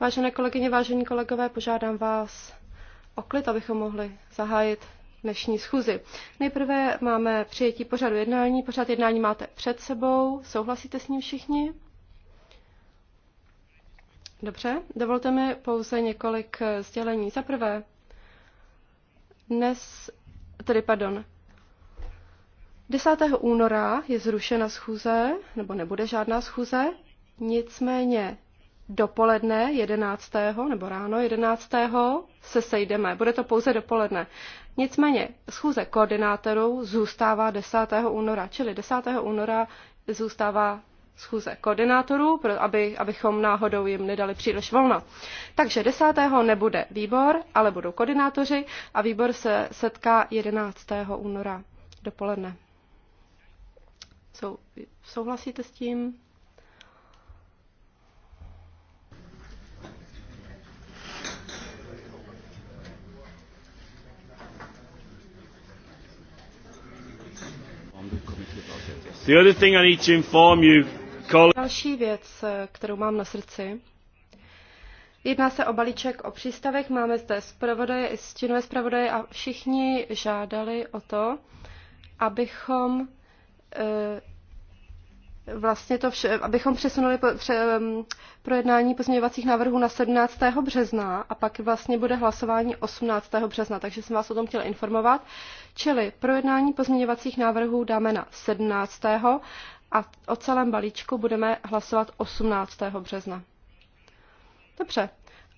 Vážené kolegyně, vážení kolegové, požádám vás o klid, abychom mohli zahájit dnešní schůzi. Nejprve máme přijetí pořadu jednání. Pořad jednání máte před sebou. Souhlasíte s ním všichni? Dobře, dovolte mi pouze několik eh, sdělení. Za prvé, dnes, tedy pardon, 10. února je zrušena schůze, nebo nebude žádná schůze, nicméně dopoledne 11. nebo ráno 11. se sejdeme. Bude to pouze dopoledne. Nicméně schůze koordinátorů zůstává 10. února, čili 10. února zůstává schůze koordinátorů, pro, aby, abychom náhodou jim nedali příliš volna. Takže 10. nebude výbor, ale budou koordinátoři a výbor se setká 11. února dopoledne. Sou, souhlasíte s tím? The other thing I need to inform you Další věc, kterou mám na srdci, Jedná se o balíček o přístavech, máme zde zpravodaje i stínové zpravodaje a všichni žádali o to, abychom e, vlastně to vše, abychom přesunuli po, pře, projednání pozměňovacích návrhů na 17. března a pak vlastně bude hlasování 18. března, takže jsem vás o tom chtěla informovat. Čili projednání pozměňovacích návrhů dáme na 17 a o celém balíčku budeme hlasovat 18. března. Dobře,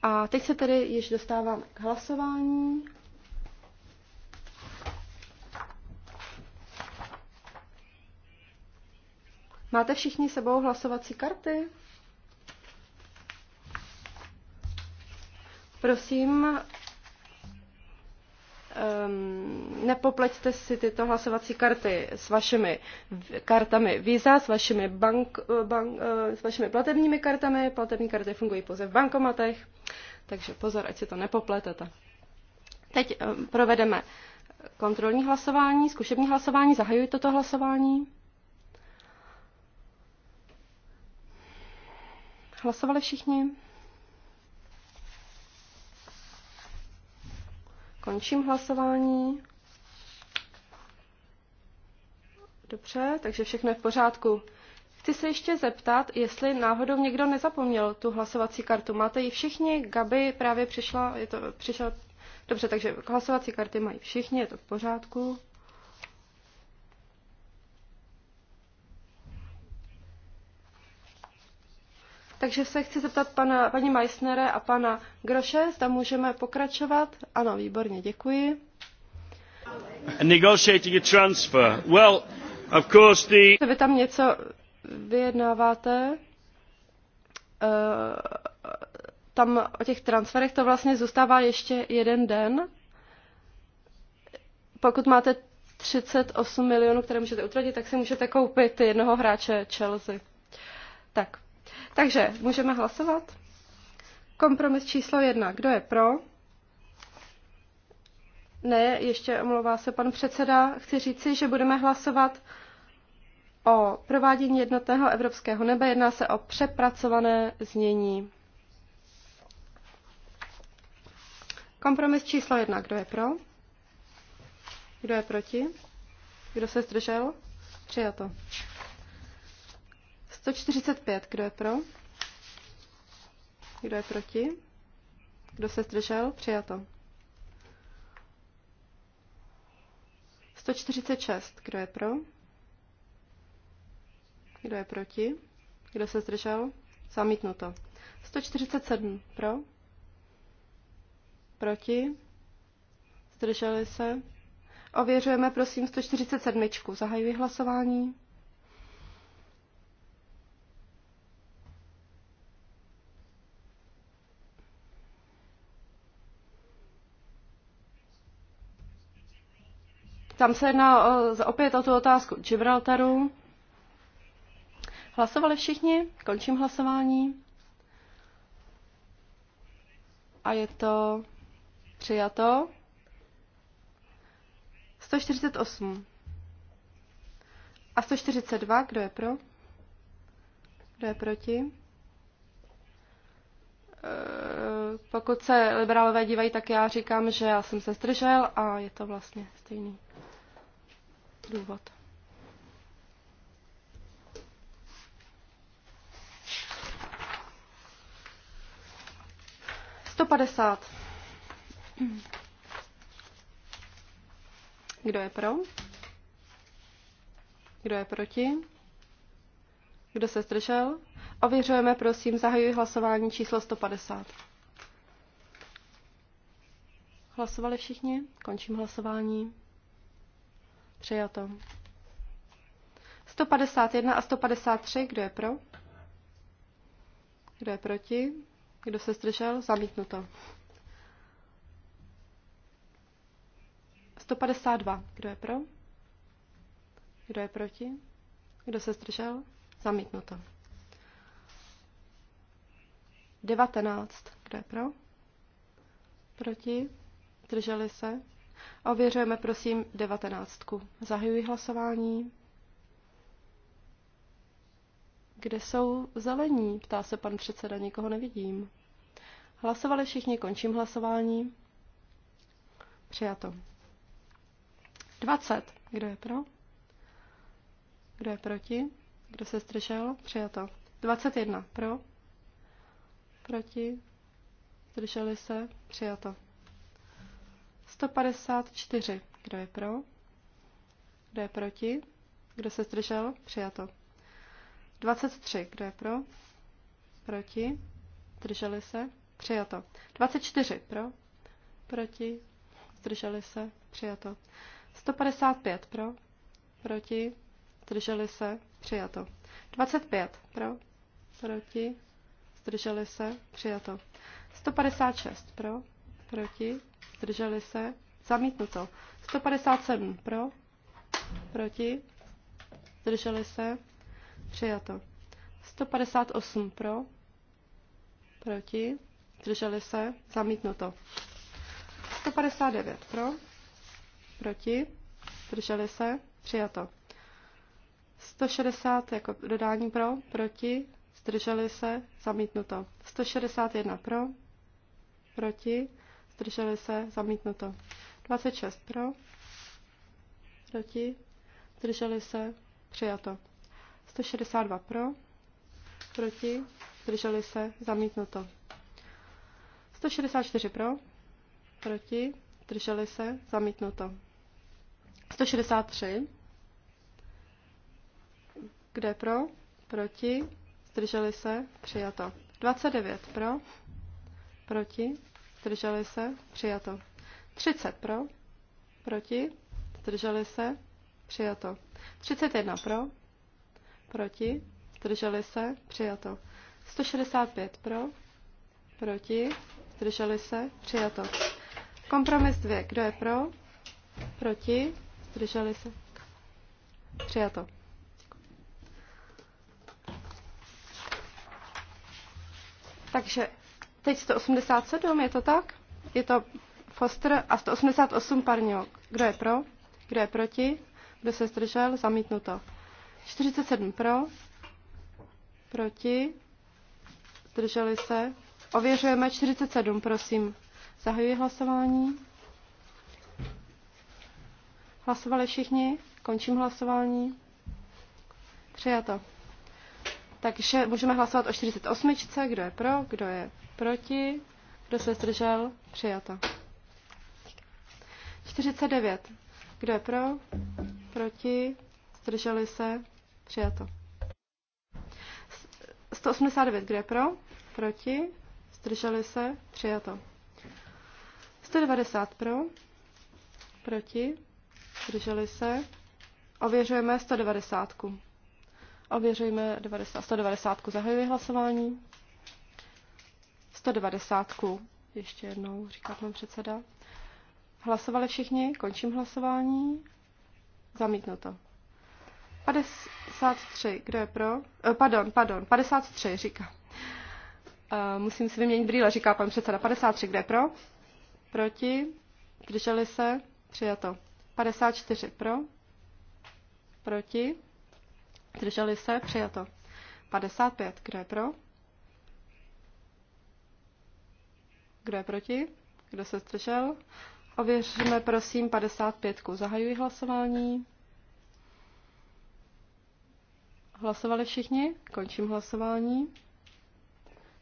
a teď se tedy již dostáváme k hlasování. Máte všichni sebou hlasovací karty? Prosím, um, ehm, nepopleťte si tyto hlasovací karty s vašimi kartami Visa, s vašimi, bank, eh, bank, eh, s vašimi platebními kartami. Platební karty fungují pouze v bankomatech, takže pozor, ať si to nepopletete. Teď um, provedeme kontrolní hlasování, zkušební hlasování. Zahajuji toto hlasování. Hlasovali všichni? Končím hlasování. Dobře, takže všechno je v pořádku. Chci se ještě zeptat, jestli náhodou někdo nezapomněl tu hlasovací kartu. Máte ji všichni? Gabi právě přišla, je to, přišla. Dobře, takže hlasovací karty mají všichni, je to v pořádku. Takže se chci zeptat pana, paní Meissnere a pana Groše, zda můžeme pokračovat. Ano, výborně, děkuji. Negotiating a transfer. Well, of course the... Vy tam něco vyjednáváte? Uh, tam o těch transferech to vlastně zůstává ještě jeden den. Pokud máte 38 milionů, které můžete utratit, tak si můžete koupit jednoho hráče Chelsea. Tak, takže můžeme hlasovat. Kompromis číslo jedna. Kdo je pro? Ne, ještě omlouvá se pan předseda. Chci říci, že budeme hlasovat o provádění jednotného evropského nebe. Jedná se o přepracované znění. Kompromis číslo jedna. Kdo je pro? Kdo je proti? Kdo se zdržel? Přijato. 145. Kdo je pro? Kdo je proti? Kdo se zdržel? Přijato. 146. Kdo je pro? Kdo je proti? Kdo se zdržel? Zamítnuto. 147. Pro? Proti? Zdrželi se? Ověřujeme prosím 147. Zahajuji hlasování. Tam se jedná opět o tu otázku Gibraltaru. Hlasovali všichni? Končím hlasování. A je to přijato. 148. A 142, kdo je pro? Kdo je proti? Eh, pokud se liberálové dívají, tak já říkám, že já jsem se zdržel a je to vlastně stejný důvod. Sto padesát. Kdo je pro? Kdo je proti? Kdo se zdržel? Ověřujeme, prosím, zahajuji hlasování číslo 150. Hlasovali všichni? Končím hlasování. Přijato. 151 a 153, kdo je pro? Kdo je proti? Kdo se zdržel? Zamítnuto. 152, kdo je pro? Kdo je proti? Kdo se zdržel? Zamítnuto. 19, kdo je pro? Proti? Zdrželi se? Ověřujeme prosím devatenáctku. Zahajuji hlasování. Kde jsou zelení? Ptá se pan předseda, nikoho nevidím. Hlasovali všichni, končím hlasování. Přijato. 20. Kdo je pro? Kdo je proti? Kdo se zdržel? Přijato. 21. Pro? Proti? Zdrželi se? Přijato. 154. Kdo je pro? Kdo je proti? Kdo se zdržel? Přijato. 23. Kdo je pro? Proti? Zdrželi se? Přijato. 24. Pro? Proti? Zdrželi se? Přijato. 155. Pro? Proti? Zdrželi se? Přijato. 25. Pro? Proti? Zdrželi se? Přijato. 156. Pro? Proti? zdrželi se, zamítnuto. 157 pro, proti, zdrželi se, přijato. 158 pro, proti, zdrželi se, zamítnuto. 159 pro, proti, zdrželi se, přijato. 160 jako dodání pro, proti, zdrželi se, zamítnuto. 161 pro, proti, zdrželi se, zamítnuto. 26 pro, proti, zdrželi se, přijato. 162 pro, proti, zdrželi se, zamítnuto. 164 pro, proti, zdrželi se, zamítnuto. 163, kde pro, proti, zdrželi se, přijato. 29 pro, proti, zdrželi se, přijato. 30 pro, proti, zdrželi se, přijato. 31 pro, proti, zdrželi se, přijato. 165 pro, proti, zdrželi se, přijato. Kompromis 2, kdo je pro, proti, zdrželi se, přijato. Takže Teď 187, je to tak? Je to Foster a 188 Parňok. Kdo je pro? Kdo je proti? Kdo se zdržel? Zamítnuto. 47 pro, proti, zdrželi se. Ověřujeme 47, prosím. Zahajuji hlasování. Hlasovali všichni? Končím hlasování. Přijato. Takže můžeme hlasovat o 48. Kdo je pro, kdo je Proti? Kdo se zdržel? Přijato. 49. Kdo je pro? Proti? Zdrželi se? Přijato. 189. Kdo je pro? Proti? Zdrželi se? Přijato. 190 pro? Proti? Zdrželi se? Ověřujeme 190. Ověřujeme 90, 190. Zahajuji hlasování. 190. Ještě jednou, říká pan předseda. Hlasovali všichni, končím hlasování. Zamítnuto. 53, kdo je pro? Eh, pardon, pardon, 53, říká. Uh, musím si vyměnit brýle, říká pan předseda. 53, kdo je pro? Proti? Drželi se? Přijato. 54 pro? Proti? Drželi se? Přijato. 55, kdo je pro? Kdo je proti? Kdo se zdržel? Ověříme prosím 55. Zahajuji hlasování. Hlasovali všichni? Končím hlasování.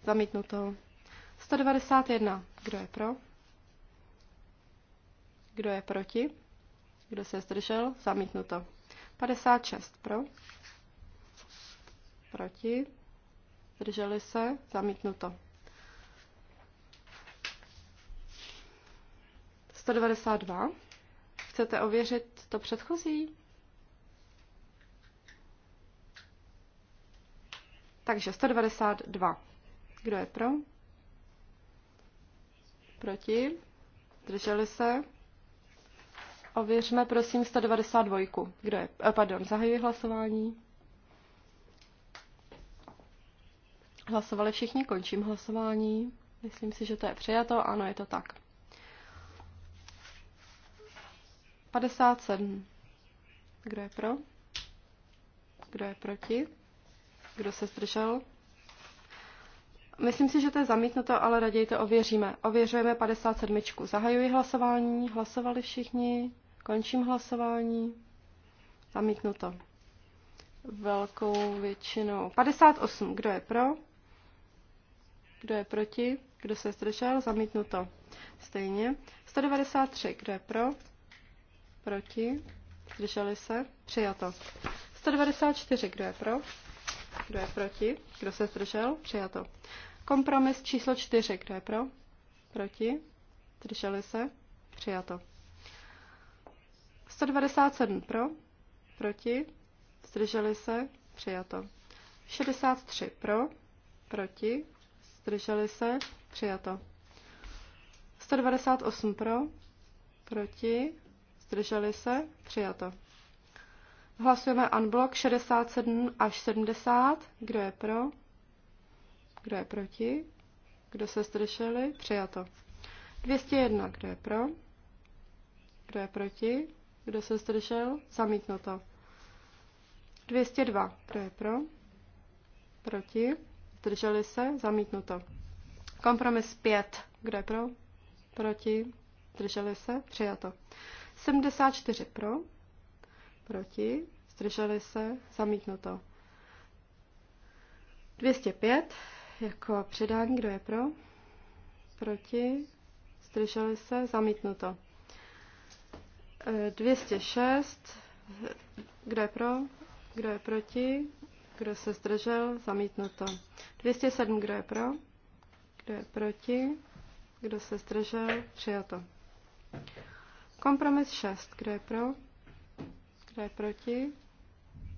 Zamítnuto. 191. Kdo je pro? Kdo je proti? Kdo se zdržel? Zamítnuto. 56 pro. Proti. Zdrželi se? Zamítnuto. 192. Chcete ověřit to předchozí? Takže 192. Kdo je pro? Proti? Drželi se? Ověřme prosím 192. Kdo je? Eh, pardon, zahajuji hlasování. Hlasovali všichni, končím hlasování. Myslím si, že to je přijato. Ano, je to tak. 57. Kdo je pro? Kdo je proti? Kdo se zdržel? Myslím si, že to je zamítnuto, ale raději to ověříme. Ověřujeme 57. Zahajuji hlasování. Hlasovali všichni. Končím hlasování. Zamítnuto. Velkou většinou. 58. Kdo je pro? Kdo je proti? Kdo se zdržel? Zamítnuto. Stejně. 193. Kdo je pro? Proti? Zdrželi se? Přijato. 194. Kdo je pro? Kdo je proti? Kdo se zdržel? Přijato. Kompromis číslo 4. Kdo je pro? Proti? Zdrželi se? Přijato. 197 pro, proti, zdrželi se, přijato. 63 pro, proti, zdrželi se, přijato. 198 pro, proti, zdrželi se, přijato. Hlasujeme unblock 67 až 70. Kdo je pro? Kdo je proti? Kdo se zdrželi? Přijato. 201. Kdo je pro? Kdo je proti? Kdo se zdržel? Zamítnuto. 202. Kdo je pro? Proti? Zdrželi se? Zamítnuto. Kompromis 5. Kdo je pro? Proti? Zdrželi se? Přijato. 74 pro, proti, zdrželi se, zamítnuto. 205 jako předání, kdo je pro, proti, zdrželi se, zamítnuto. 206, eh, kdo je pro, kdo je proti, kdo se zdržel, zamítnuto. 207, kdo je pro, kdo je proti, kdo se zdržel, přijato. Kompromis 6. Kdo je pro? Kdo je proti?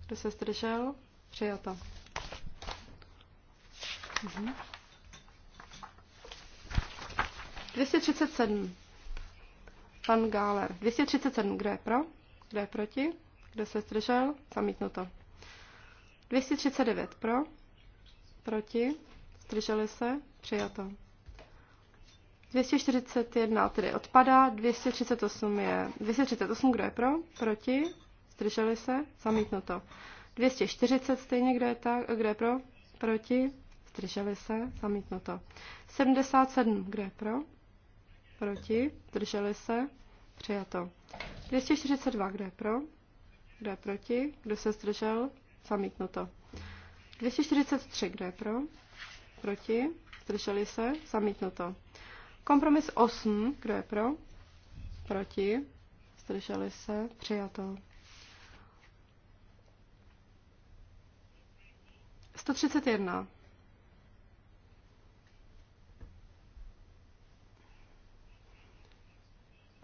Kdo se zdržel? Přijato. Mhm. 237. Pan Gáler. 237. Kdo je pro? Kdo je proti? Kdo se zdržel? Zamítnuto. 239. Pro? Proti? Zdrželi se? Přijato. 241 tedy odpadá, 238 je, 238 kdo je pro, proti, zdrželi se, zamítnuto. 240 stejně, kdo je, tak, kdo je pro, proti, zdrželi se, zamítnuto. 77 kdo je pro, proti, zdrželi se, přijato. 242 kdo je pro, kdo je proti, kdo se zdržel, zamítnuto. 243 kdo je pro, proti, zdrželi se, zamítnuto. Kompromis 8, kdo je pro? Proti? Zdrželi se? Přijato. 131.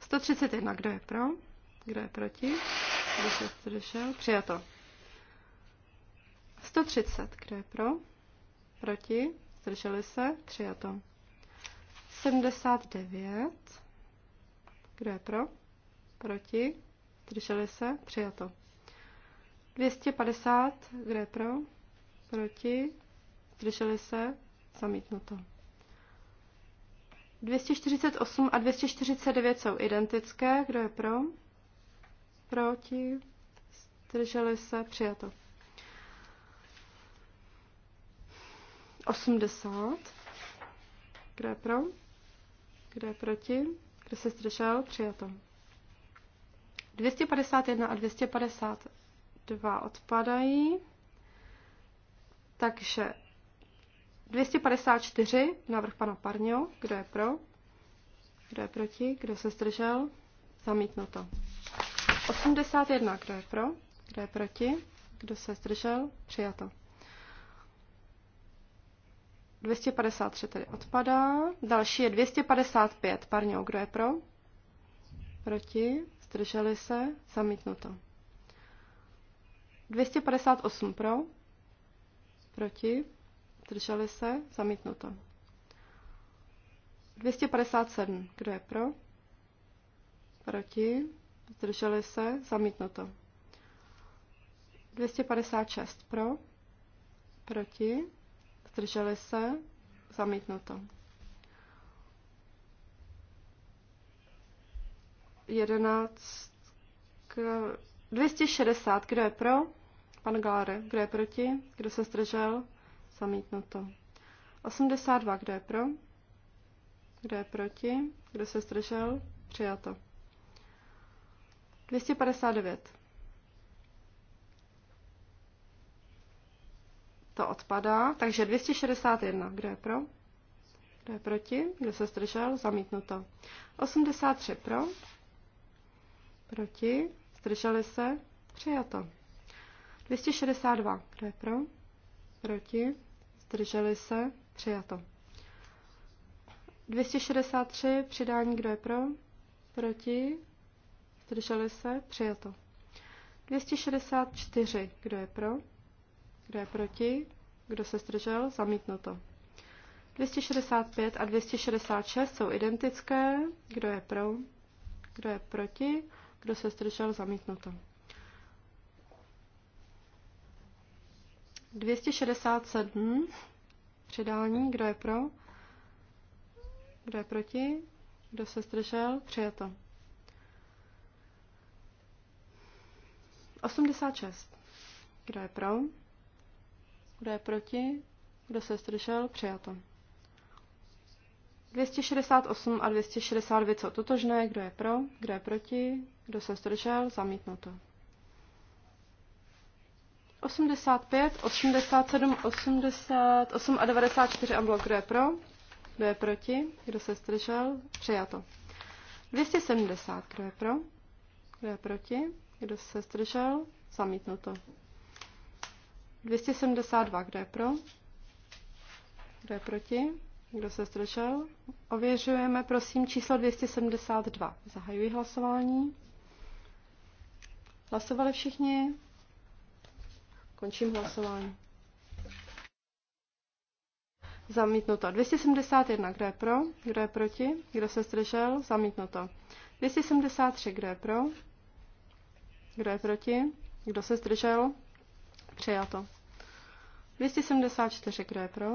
Sto třicet jedna, kdo je pro? Kdo je proti? Kdo se zdržel? Přijato. 130, kdo je pro? Proti? Zdrželi se? Přijato. 79. Kdo je pro? Proti? Zdrželi se? Přijato. 250. Kdo je pro? Proti? Zdrželi se? Zamítnuto. 248 a 249 jsou identické. Kdo je pro? Proti? Zdrželi se? Přijato. 80. Kdo je pro? Kdo je proti? Kdo se zdržel? Přijato. 251 a 252 odpadají. Takže 254, návrh pana Parňo, kdo je pro, kdo je proti, kdo se zdržel, zamítnuto. 81, kdo je pro, kdo je proti, kdo se zdržel, přijato. 253 tedy odpadá. Další je 255. Parňo, kdo je pro? Proti? Zdrželi se? Zamítnuto. 258 pro? Proti? Zdrželi se? Zamítnuto. 257. Kdo je pro? Proti? Zdrželi se? Zamítnuto. 256 pro? Proti? zdrželi se, zamítnuto. 11, 260, kdo je pro? Pan Galare, kdo je proti? Kdo se zdržel? Zamítnuto. 82, kdo je pro? Kdo je proti? Kdo se zdržel? Přijato. 259. to odpadá. Takže 261, kdo je pro? Kdo je proti? Kdo se zdržel? Zamítnuto. 83 pro, proti, zdrželi se, přijato. 262, kdo je pro? Proti, zdrželi se, přijato. 263, přidání, kdo je pro? Proti, zdrželi se, přijato. 264, kdo je pro? Kdo je proti? Kdo se zdržel? Zamítnuto. 265 a 266 jsou identické. Kdo je pro? Kdo je proti? Kdo se zdržel? Zamítnuto. 267 přidání. Kdo je pro? Kdo je proti? Kdo se zdržel? Přijato. 86. Kdo je pro? Kdo je proti? Kdo se zdržel? Přijato. 268 a 269 jsou totožné. Kdo je pro? Kdo je proti? Kdo se zdržel? Zamítnuto. 85, 87, 88 a 94 a blok. Kdo je pro? Kdo je proti? Kdo se zdržel? Přijato. 270. Kdo je pro? Kdo je proti? Kdo se zdržel? Zamítnuto. 272, kdo je pro? Kdo je proti? Kdo se zdržel? Ověřujeme, prosím, číslo 272. Zahajuji hlasování. Hlasovali všichni? Končím hlasování. Zamítnuto. 271, kdo je pro? Kdo je proti? Kdo se zdržel? Zamítnuto. 273, kdo je pro? Kdo je proti? Kdo se zdržel? Přijato. 274, kdo je pro?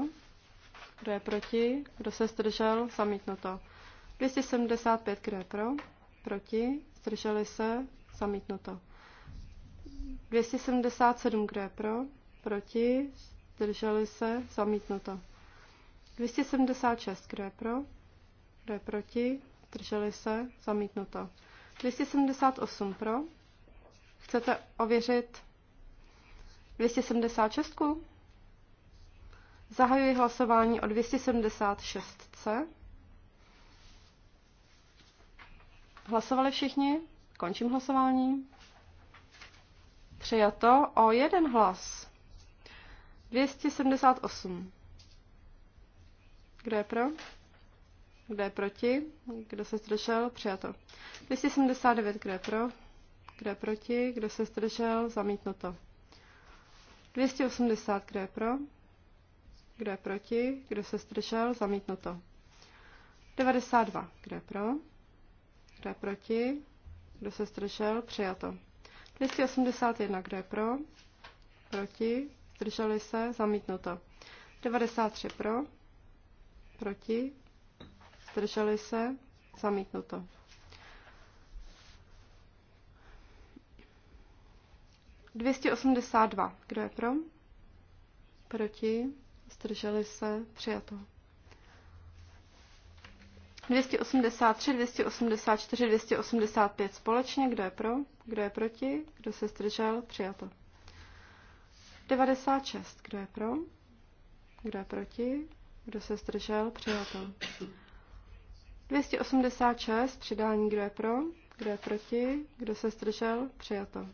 Kdo je proti? Kdo se zdržel? Zamítnuto. 275, kdo je pro? Proti? Zdrželi se? Zamítnuto. 277, kdo je pro? Proti? Zdrželi se? Zamítnuto. 276, kdo je pro? Kdo je proti? Zdrželi se? Zamítnuto. 278 pro. Chcete ověřit 276. Zahajuji hlasování o 276C. Hlasovali všichni? Končím hlasování. Přijato o jeden hlas. 278. Kdo je pro? Kdo je proti? Kdo se zdržel? Přijato. 279. Kdo je pro? Kdo je proti? Kdo se zdržel? Zamítnuto. 280, kdo je pro? Kdo je proti? Kdo se zdržel? Zamítnuto. 92, kdo je pro? Kdo je proti? Kdo se zdržel? Přijato. 281, kdo je pro? Proti? Zdrželi se? Zamítnuto. 93 pro? Proti? Zdrželi se? Zamítnuto. 282. Kdo je pro? Proti? Zdrželi se? Přijato. 283, 284, 285 společně. Kdo je pro? Kdo je proti? Kdo se zdržel? Přijato. 96. Kdo je pro? Kdo je proti? Kdo se zdržel? Přijato. 286. Přidání. Kdo je pro? Kdo je proti? Kdo se zdržel? Přijato.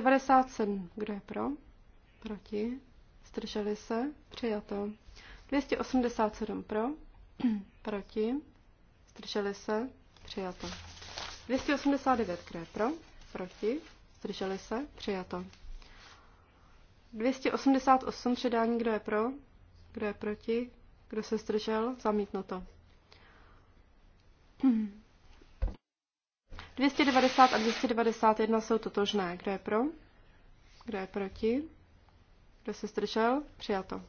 97. Kdo je pro? Proti? Zdrželi se? Přijato. 287 pro? Proti? Zdrželi se? Přijato. 289 kdo je pro? Proti? Zdrželi se? Přijato. 288 předání, kdo je pro? Kdo je proti? Kdo se zdržel? Zamítnuto. 290 a 291 jsou totožné. Kdo je pro? Kdo je proti? Kdo se zdržel? Přijato.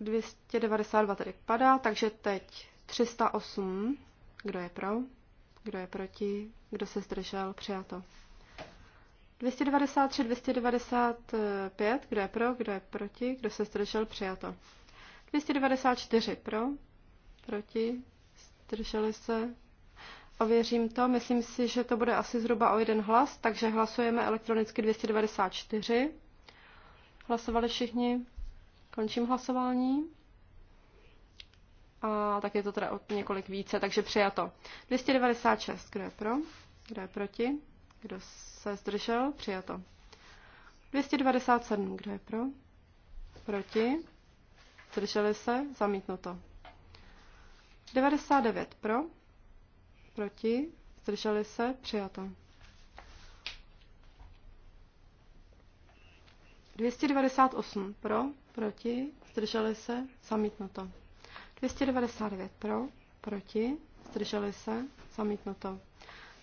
292 tedy padá, takže teď 308. Kdo je pro? Kdo je proti? Kdo se zdržel? Přijato. 293, 295. Kdo je pro? Kdo je proti? Kdo se zdržel? Přijato. 294 pro, proti, zdrželi se. a věřím to, myslím si, že to bude asi zhruba o jeden hlas, takže hlasujeme elektronicky 294. Hlasovali všichni. Končím hlasování. A tak je to teda o několik více, takže přijato. 296, kdo je pro, kdo je proti, kdo se zdržel, přijato. 297, kdo je pro, proti, zdrželi se, zamítnuto. 99 pro, proti, zdrželi se, přijato. 298 pro, proti, zdrželi se, zamítnuto. 299 pro, proti, zdrželi se, zamítnuto.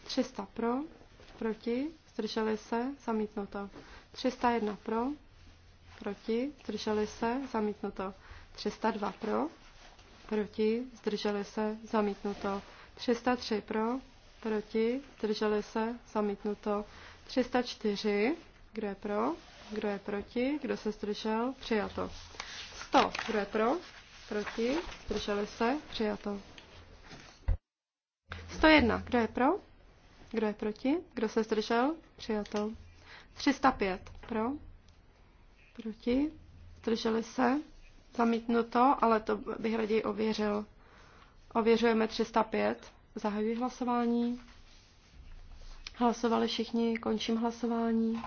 300 pro, proti, zdrželi se, zamítnuto. 301 pro, proti, zdrželi se, zamítnuto. 302 pro, proti, zdrželi se, zamítnuto. 303 pro, proti, zdrželi se, zamítnuto. 304, kdo je pro, kdo je proti, kdo se zdržel, přijato. 100, kdo je pro, proti, zdrželi se, přijato. 101, kdo je pro, kdo je proti, kdo se zdržel, přijato. 305, pro, proti, zdrželi se, Zamítnuto, ale to bych raději ověřil. Ověřujeme 305. Zahajuji hlasování. Hlasovali všichni, končím hlasování.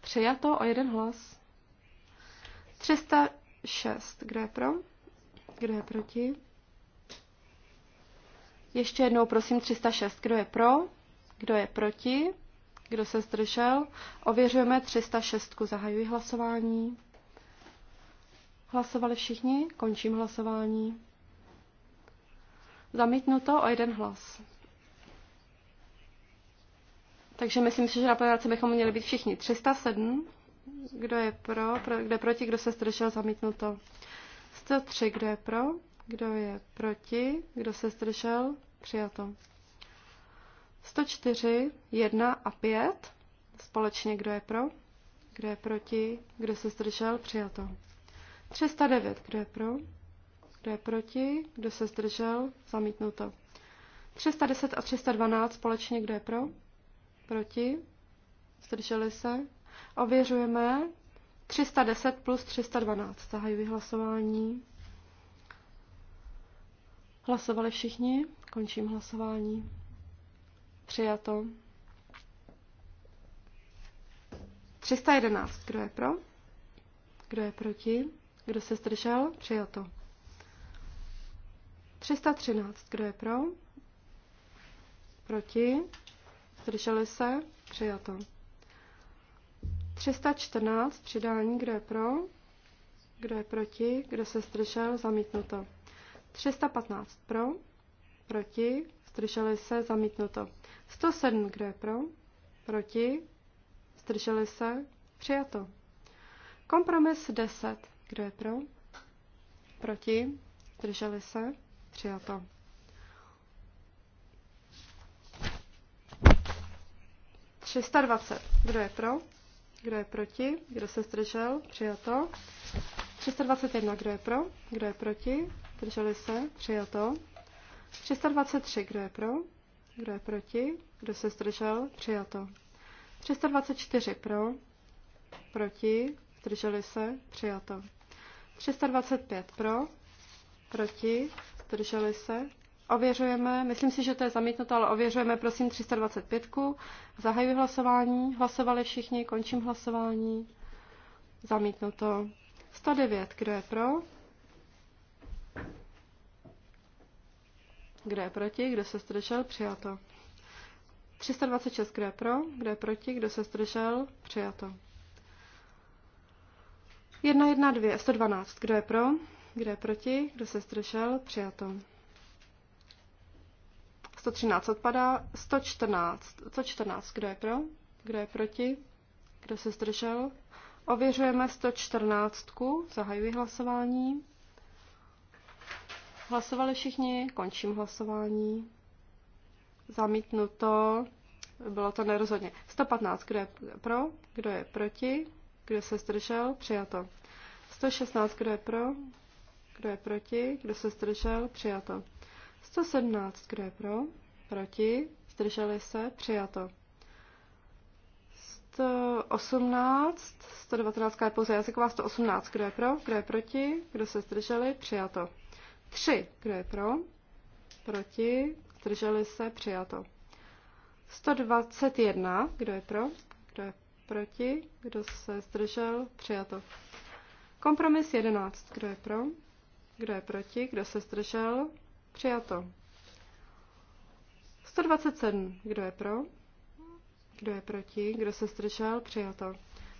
Přijato o jeden hlas. 306. Kdo je pro? Kdo je proti? Ještě jednou prosím 306. Kdo je pro? Kdo je proti? Kdo se zdržel? Ověřujeme 306. Zahajuji hlasování. Hlasovali všichni? Končím hlasování. Zamítnuto o jeden hlas. Takže myslím si, že na plenáci bychom měli být všichni. 307, kdo je pro, pro kdo je proti, kdo se zdržel, zamítnuto. 103, kdo je pro, kdo je proti, kdo se zdržel, přijato. 104, 1 a 5, společně kdo je pro, kdo je proti, kdo se zdržel, přijato. 309, kdo je pro? Kdo je proti? Kdo se zdržel? Zamítnuto. 310 a 312 společně, kdo je pro? Proti? Zdrželi se? Ověřujeme. 310 plus 312. Zahajuji hlasování. Hlasovali všichni? Končím hlasování. Přijato. 311. Kdo je pro? Kdo je proti? Kdo se zdržel? Přijato. 313. Kdo je pro? Proti? Zdrželi se? Přijato. 314. Přidání. Kdo je pro? Kdo je proti? Kdo se zdržel? Zamítnuto. 315. Pro? Proti? Zdrželi se? Zamítnuto. 107. Kdo je pro? Proti? Zdrželi se? Přijato. Kompromis 10. Kdo je pro? Proti? Zdrželi se? Přijato. Šesta dvacet. Kdo je pro? Kdo je proti? Kdo se zdržel? Přijato. 321. Kdo je pro? Kdo je proti? Drželi se? Přijato. 323. Kdo je pro? Kdo je proti? Kdo se zdržel? Přijato. 324. Pro? Proti? Drželi se? Přijato. 325 pro, proti, zdrželi se. Ověřujeme, myslím si, že to je zamítnuto, ale ověřujeme, prosím, 325. Zahajuji hlasování, hlasovali všichni, končím hlasování. Zamítnuto. 109, kdo je pro? Kdo je proti? Kdo se zdržel? Přijato. 326, kdo je pro? Kdo je proti? Kdo se zdržel? Přijato. 2, 112. Kdo je pro? Kdo je proti? Kdo se zdržel? Přijato. 113 odpadá. 114. 114. Kdo je pro? Kdo je proti? Kdo se zdržel? Ověřujeme 114. Zahajuji hlasování. Hlasovali všichni, končím hlasování. Zamítnuto, bylo to nerozhodně. 115, kdo je pro, kdo je proti, kdo se zdržel? Přijato. 116. Kdo je pro? Kdo je proti? Kdo se zdržel? Přijato. 117. Kdo je pro? Proti? Zdrželi se? Přijato. 118, 119 je pouze jazyková, 118, kdo je pro, kdo je proti, kdo se zdrželi, přijato. 3, kdo je pro, proti, zdrželi se, přijato. 121, kdo je pro, kdo je proti, kdo se zdržel, přijato. Kompromis 11, kdo je pro, kdo je proti, kdo se zdržel, přijato. 127, kdo je pro, kdo je proti, kdo se zdržel, přijato.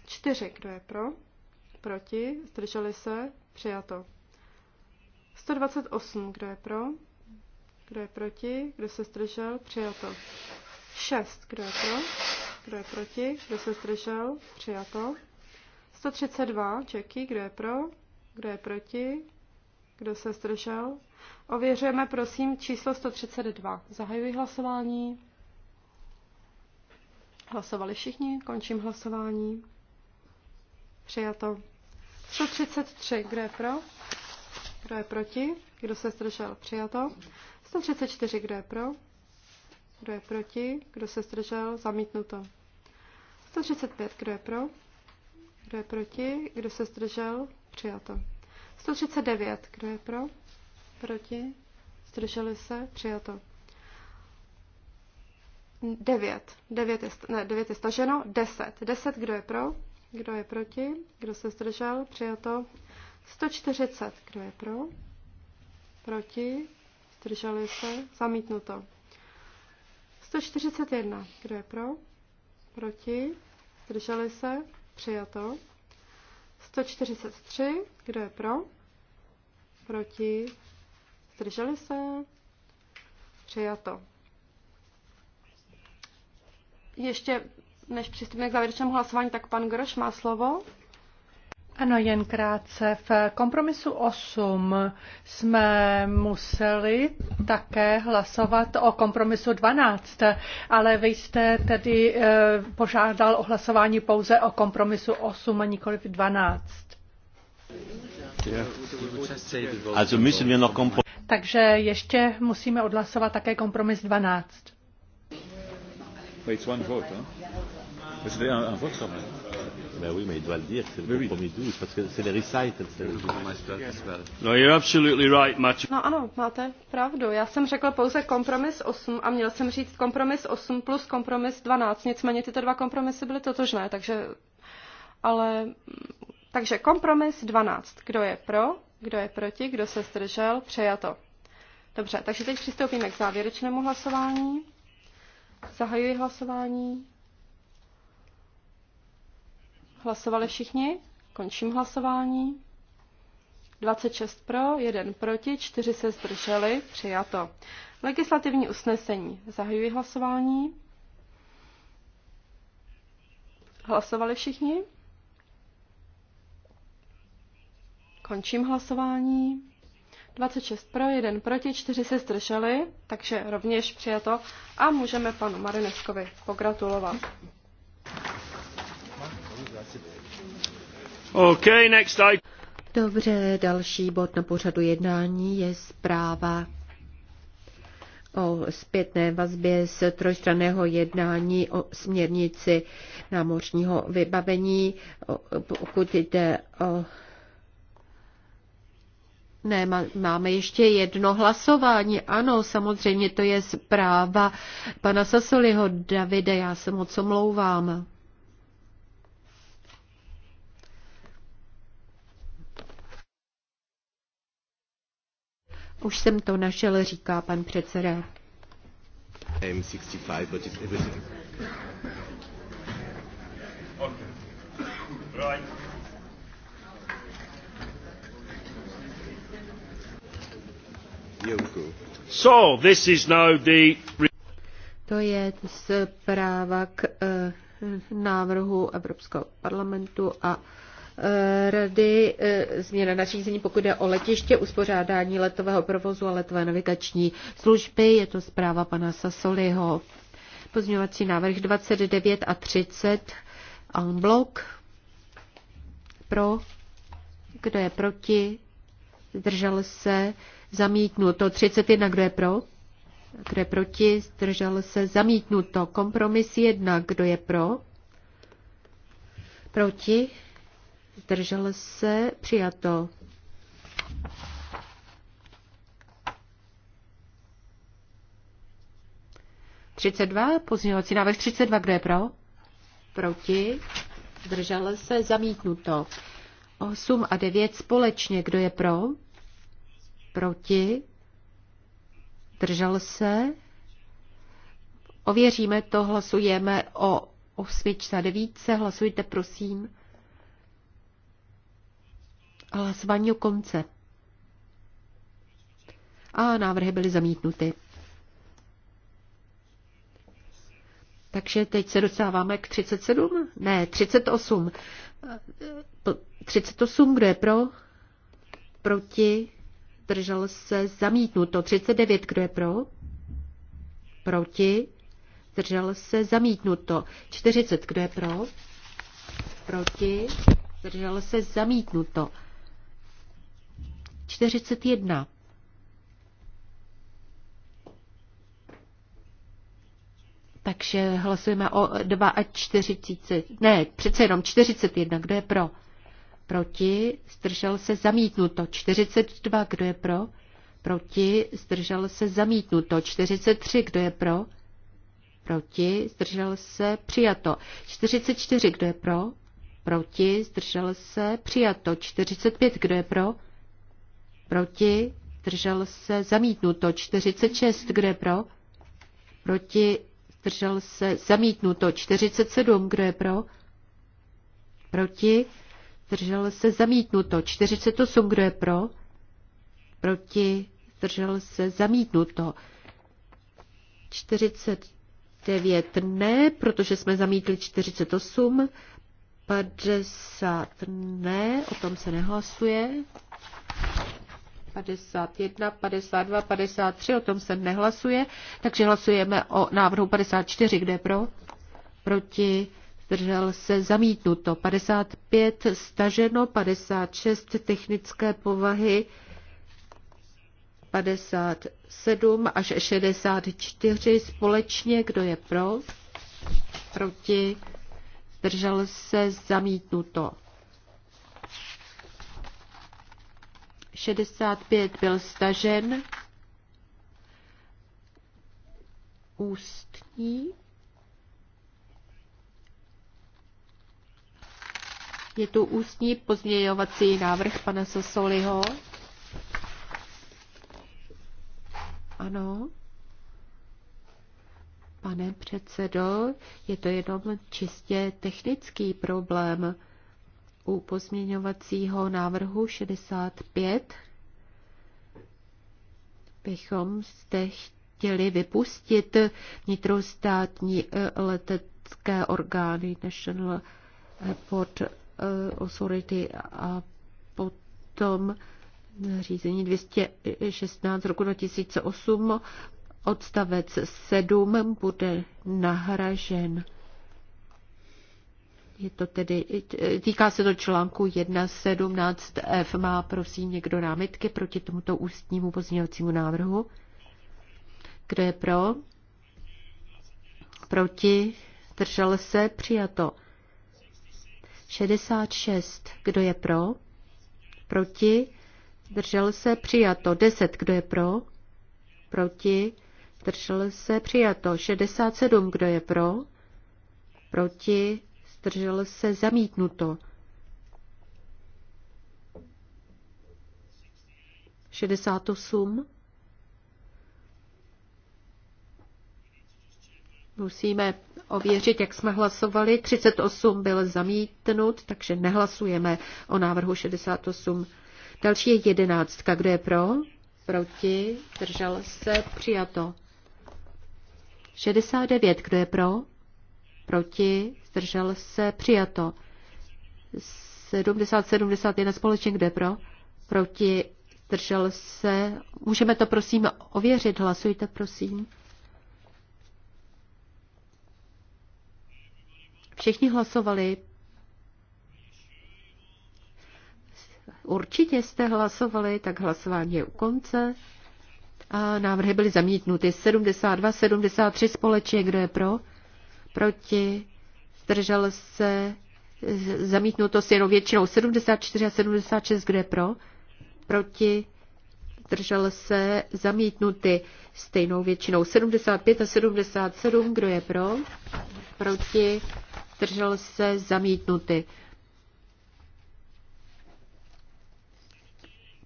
4, kdo je pro, proti, zdrželi se, přijato. 128, kdo je pro, kdo je proti, kdo se zdržel, přijato. 6, kdo je pro, kdo je proti, kdo se zdržel, přijato. 132, čeky, kdo je pro, kdo je proti, kdo se zdržel. Ověřujeme, prosím, číslo 132. Zahajuji hlasování. Hlasovali všichni, končím hlasování. Přijato. 133, kdo je pro, kdo je proti, kdo se zdržel, přijato. 134, kdo je pro, kdo je proti? Kdo se zdržel? Zamítnuto. 135. Kdo je pro? Kdo je proti? Kdo se zdržel? Přijato. 139. Kdo je pro? Proti? Zdrželi se? Přijato. 9. 9 je, ne, 9 je staženo. 10. 10. Kdo je pro? Kdo je proti? Kdo se zdržel? Přijato. 140. Kdo je pro? Proti? Zdrželi se? Zamítnuto. 141. Kdo je pro? Proti? Zdrželi se? Přijato. 143. Kdo je pro? Proti? Zdrželi se? Přijato. Ještě než přistoupíme k závěrečnému hlasování, tak pan Groš má slovo. Ano, jen krátce. V kompromisu 8 jsme museli také hlasovat o kompromisu 12, ale vy jste tedy eh, požádal o hlasování pouze o kompromisu 8 a nikoli 12. Takže ještě musíme odhlasovat také kompromis 12. Ben oui, mais il doit le dire, c'est le compromis 12, parce que c'est les recitals. No, you're absolutely right, Matthew. No ano, máte pravdu. Já jsem řekl pouze kompromis 8 a měl jsem říct kompromis 8 plus kompromis 12. Nicméně tyto dva kompromisy byly totožné, takže... Ale... Takže kompromis 12. Kdo je pro, kdo je proti, kdo se zdržel, přejato. Dobře, takže teď přistoupíme k závěrečnému hlasování. Zahajuji hlasování. Hlasovali všichni? Končím hlasování. 26 pro, 1 proti, 4 se zdrželi, přijato. Legislativní usnesení. Zahajuji hlasování. Hlasovali všichni? Končím hlasování. 26 pro, 1 proti, 4 se zdrželi, takže rovněž přijato a můžeme panu Marineskovi pogratulovat. Okay, next I... Dobře, další bod na pořadu jednání je zpráva o zpětné vazbě z trojstranného jednání o směrnici námořního vybavení, pokud jde o ne, máme ještě jedno hlasování. Ano, samozřejmě to je zpráva pana Sasoliho Davide, já se moc omlouvám. Už jsem to našel, říká pan předseda. 65, but it's everything. So, this is now the... To je zpráva k eh, návrhu Evropského parlamentu a Eh, rady, eh, změna nařízení, pokud je o letiště, uspořádání letového provozu a letové navigační služby. Je to zpráva pana Sasoliho. Pozměňovací návrh 29 a 30 en blok. Pro. Kdo je proti? Zdržel se. Zamítnuto. 31. Kdo je pro? Kdo je proti? Zdržel se. Zamítnuto. Kompromis 1. Kdo je pro? Proti? zdržel se, přijato. Třicet dva, pozměňovací návrh 32, kdo je pro? Proti, zdržel se, zamítnuto. Osm a devět společně, kdo je pro? Proti, zdržel se. Ověříme to, hlasujeme o osmičce a devítce, hlasujte prosím hlasování o konce. A návrhy byly zamítnuty. Takže teď se dostáváme k 37? Ne, 38. 38, eh, kdo je pro? Proti? Držel se zamítnuto. 39, kdo je pro? Proti? Držel se zamítnuto. 40, kdo je pro? Proti? Držel se zamítnuto. 41. Takže hlasujeme o a 40. ne, přece jenom 41, kdo je pro? Proti, zdržel se zamítnuto. 42, kdo je pro? Proti, zdržel se zamítnuto. 43, kdo je pro? Proti, zdržel se přijato. 44, kdo je pro? Proti, zdržel se přijato. 45, kdo je pro? proti, zdržel se zamítnuto 46, kdo je pro, proti, zdržel se zamítnuto 47, kdo je pro, proti, zdržel se zamítnuto 48, kdo je pro, proti, zdržel se zamítnuto 49 ne, protože jsme zamítli 48, 50 ne, o tom se nehlasuje. 51, 52, 53, o tom se nehlasuje, takže hlasujeme o návrhu 54, kde pro, proti, zdržel se zamítnuto, 55 staženo, 56 technické povahy, 57 až 64 společně, kdo je pro, proti, zdržel se zamítnuto. 65 byl stažen. Ústní. Je tu ústní pozměňovací návrh pana Sosoliho. Ano. Pane předsedo, je to jenom čistě technický problém u pozměňovacího návrhu 65 bychom zde chtěli vypustit vnitrostátní eh, letecké orgány National Airport eh, Authority a potom řízení 216 roku 2008 odstavec 7 bude nahražen je to tedy, týká se to článku 1.17f. Má prosím někdo námitky proti tomuto ústnímu pozměňovacímu návrhu? Kdo je pro? Proti? Držel se? Přijato. 66. Kdo je pro? Proti? Držel se? Přijato. 10. Kdo je pro? Proti? Držel se? Přijato. 67. Kdo je pro? Proti? zdržel se zamítnuto. 68. Musíme ověřit, jak jsme hlasovali. 38 byl zamítnut, takže nehlasujeme o návrhu 68. Další je jedenáctka. Kdo je pro? Proti? Držel se? Přijato. 69. Kdo je pro? Proti? zdržel se, přijato. 70, 71 společně kde pro, proti, zdržel se. Můžeme to prosím ověřit, hlasujte prosím. Všichni hlasovali. Určitě jste hlasovali, tak hlasování je u konce. A návrhy byly zamítnuty. 72, 73 společně, kdo je pro? Proti? zdržel se, zamítnuto s jenom většinou 74 a 76, kde pro, proti, držel se, zamítnuty stejnou většinou 75 a 77, kdo je pro, proti, držel se, zamítnuty.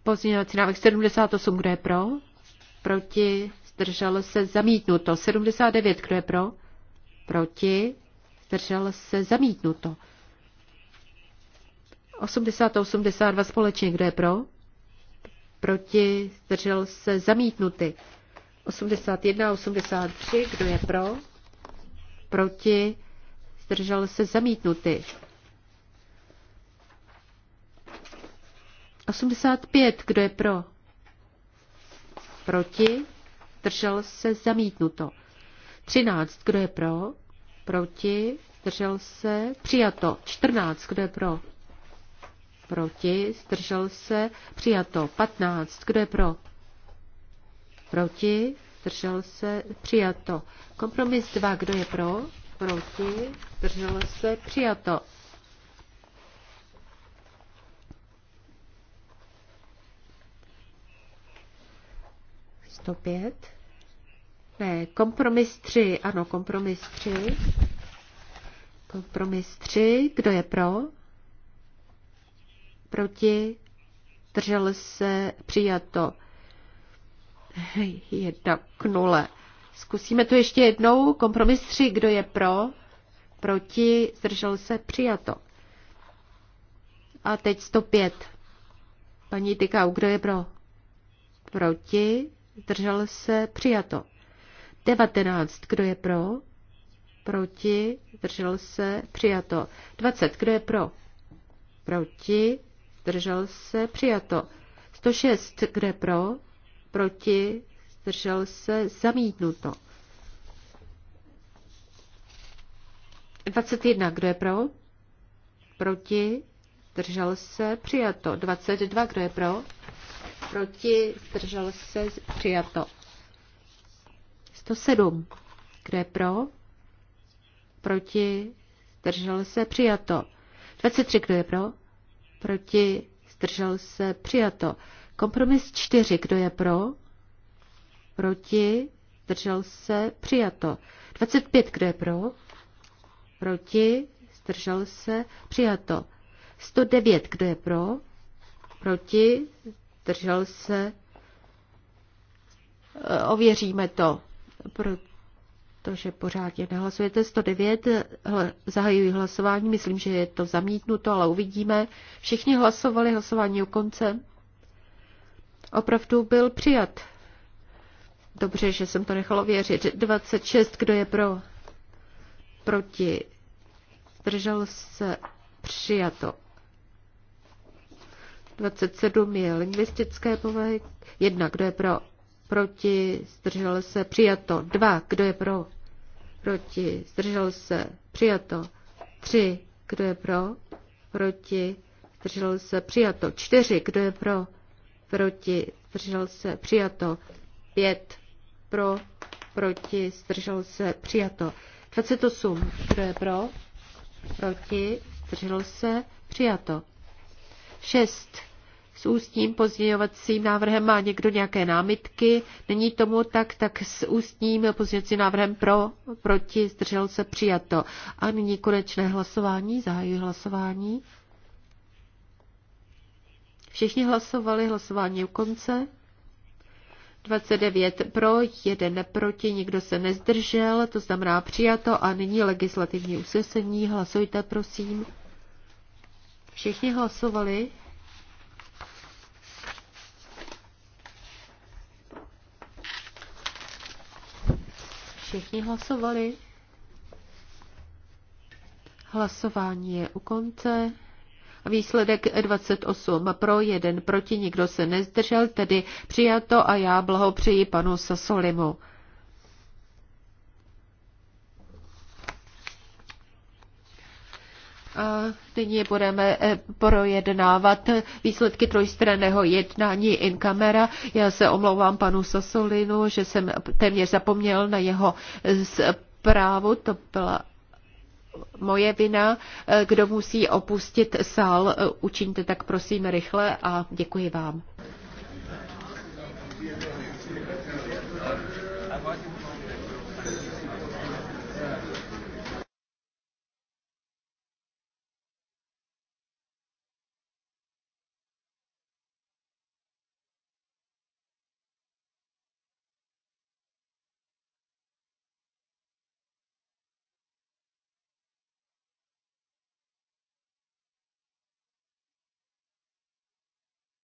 Pozměňovací návrh 78, kdo je pro, proti, zdržel se, zamítnuto 79, kdo je pro, proti, zdržel se zamítnuto. 80 a 82 společně, kdo je pro? Proti, zdržel se zamítnuty. 81 a 83, kdo je pro? Proti, zdržel se zamítnuty. 85, kdo je pro? Proti, držel se zamítnuto. 13, kdo je pro? Proti? Zdržel se? Přijato. 14. Kdo je pro? Proti? Zdržel se? Přijato. 15. Kdo je pro? Proti? Zdržel se? Přijato. Kompromis 2. Kdo je pro? Proti? Zdržel se? Přijato. Stop it. Ne, kompromis 3, ano, kompromis 3. Kompromis 3, kdo je pro? Proti? Držel se přijato jedna k nule. Zkusíme to ještě jednou. Kompromis 3, kdo je pro? Proti? Zdržel se přijato. A teď 105. Paní Tykau, kdo je pro? Proti? Zdržel se přijato. 19. Kdo je pro? Proti? držel se? Přijato. 20. Kdo je pro? Proti? držel se? Přijato. 106. Kdo je pro? Proti? držel se? Zamítnuto. 21. Kdo je pro? Proti? držel se? Přijato. 22. Kdo je pro? Proti? držel se? Přijato. 107. Kdo je pro? Proti? Zdržel se? Přijato. 23. Kdo je pro? Proti? Zdržel se? Přijato. Kompromis 4. Kdo je pro? Proti? Zdržel se? Přijato. 25. Kdo je pro? Proti? Zdržel se? Přijato. 109. Kdo je pro? Proti? Zdržel se? Eh, ověříme to protože pořád je nehlasujete. 109, zahajují hlasování, myslím, že je to zamítnuto, ale uvidíme. Všichni hlasovali, hlasování u konce. Opravdu byl přijat. Dobře, že jsem to nechala věřit. 26, kdo je pro? Proti. Zdržel se přijato. 27 je lingvistické povahy. Jedna, kdo je pro? proti, zdržel se, přijato. dva, kdo je pro, proti, zdržel se, přijato. tři, kdo je pro, proti, zdržel se, přijato. čtyři, kdo je pro, proti, zdržel se, přijato. pět, pro, proti, zdržel se, přijato. 28, kdo je pro, proti, zdržel se, přijato. 6, s ústním pozdějovacím návrhem. Má někdo nějaké námitky? Není tomu tak, tak s ústním pozdějovacím návrhem pro, proti, zdržel se přijato. A nyní konečné hlasování, zahajuji hlasování. Všichni hlasovali, hlasování u konce. 29 pro, 1 neproti, nikdo se nezdržel, to znamená přijato a nyní legislativní usnesení. Hlasujte, prosím. Všichni hlasovali. Všichni hlasovali. Hlasování je u konce. Výsledek 28 pro, jeden proti, nikdo se nezdržel, tedy přijato a já blahopřeji panu Sasolimu. A nyní budeme eh, projednávat výsledky trojstranného jednání in camera. Já se omlouvám panu Sosolinu, že jsem téměř zapomněl na jeho eh, zprávu. To byla moje vina. Eh, kdo musí opustit sál, učiňte tak prosím rychle a děkuji vám.